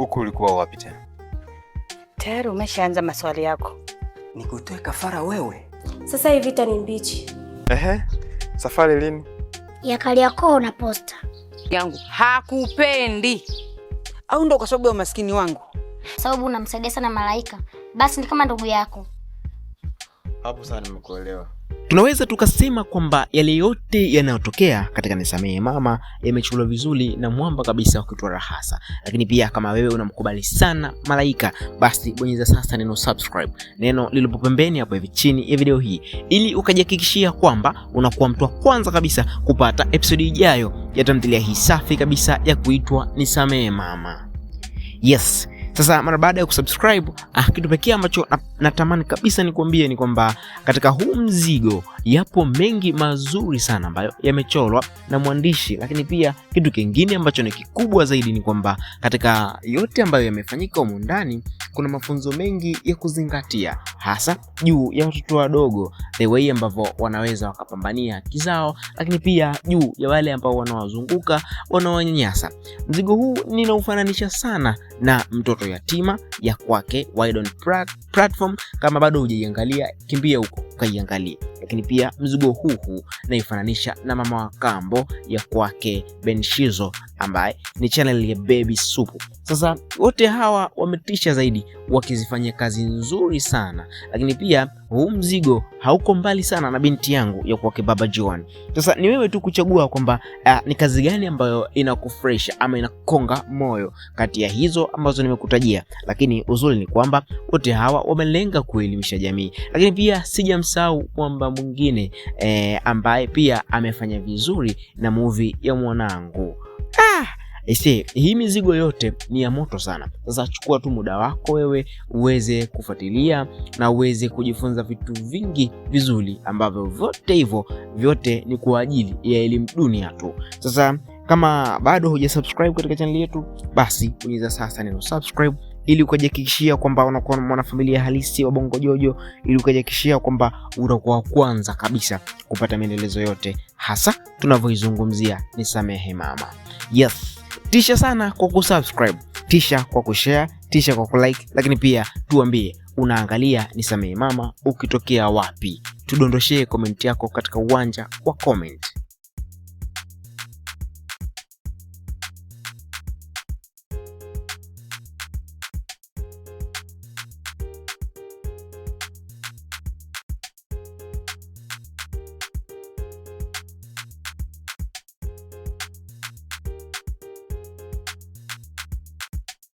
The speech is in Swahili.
Huku ulikuwa wapi tena? Tayari umeshaanza maswali yako. Nikutoe kafara wewe? Sasa hii vita ni mbichi. Ehe. Safari lini? Ya Kariakoo na posta yangu. Hakupendi au ndo kwa sababu ya umaskini wangu? Sababu unamsaidia sana Malaika, basi ni kama ndugu yako. Hapo sana nimekuelewa. Tunaweza tukasema kwamba yale yote yanayotokea katika Nisamehe Mama yamechukuliwa vizuri na mwamba kabisa wa kuitwa Rahasa. Lakini pia kama wewe unamkubali sana Malaika, basi bonyeza sasa neno subscribe, neno lilipo pembeni hapo hivi chini ya video hii, ili ukajihakikishia kwamba unakuwa mtu wa kwanza kabisa kupata episodi ijayo ya tamthilia hii safi kabisa ya kuitwa Nisamehe Mama. Yes. Sasa mara baada ya kusubscribe ah, kitu pekee ambacho natamani kabisa nikwambie ni kwamba katika huu mzigo yapo mengi mazuri sana ambayo yamecholwa na mwandishi, lakini pia kitu kingine ambacho ni kikubwa zaidi ni kwamba katika yote ambayo yamefanyika humu ndani kuna mafunzo mengi ya kuzingatia hasa juu ya watoto wadogo, the way ambavyo wanaweza wakapambania haki zao, lakini pia juu ya wale ambao wanawazunguka wanawanyanyasa. Mzigo huu ninaufananisha sana na mtoto yatima ya kwake Wydon platform. Kama bado hujaiangalia, kimbia huko ukaiangalie lakini pia mzigo huu naifananisha na mama wa kambo ya kwake Benshizo ambaye ni channel ya Baby Supu. Sasa wote hawa wametisha zaidi wakizifanyia kazi nzuri sana, lakini pia huu mzigo hauko mbali sana na binti yangu ya kwake Baba Joan. Sasa ni wewe tu kuchagua kwamba uh, ni kazi gani ambayo inakufresha ama inakonga moyo kati ya hizo ambazo nimekutajia, lakini uzuri ni kwamba wote hawa wamelenga kuelimisha jamii, lakini pia sijamsahau kwamba mwingine eh, ambaye pia amefanya vizuri na movie ya mwanangu Ese, eh, hii mizigo yote ni ya moto sana. Sasa chukua tu muda wako wewe uweze kufuatilia na uweze kujifunza vitu vingi vizuri ambavyo vyote hivyo vyote ni kwa ajili ya elimu dunia tu. Sasa kama bado hujasubscribe katika channel yetu, basi bonyeza sasa neno subscribe ili ukajihakikishia kwamba unakuwa mwanafamilia halisi wa Bongo Jojo, ili ukajihakikishia kwamba utakuwa kwanza kabisa kupata maendelezo yote, hasa tunavyoizungumzia Nisamehe Mama. Yes. Tisha sana kwa kusubscribe, tisha kwa kushare, tisha kwa kulike, lakini pia tuambie unaangalia Nisamehe Mama ukitokea wapi? Tudondoshee komenti yako katika uwanja wa comment.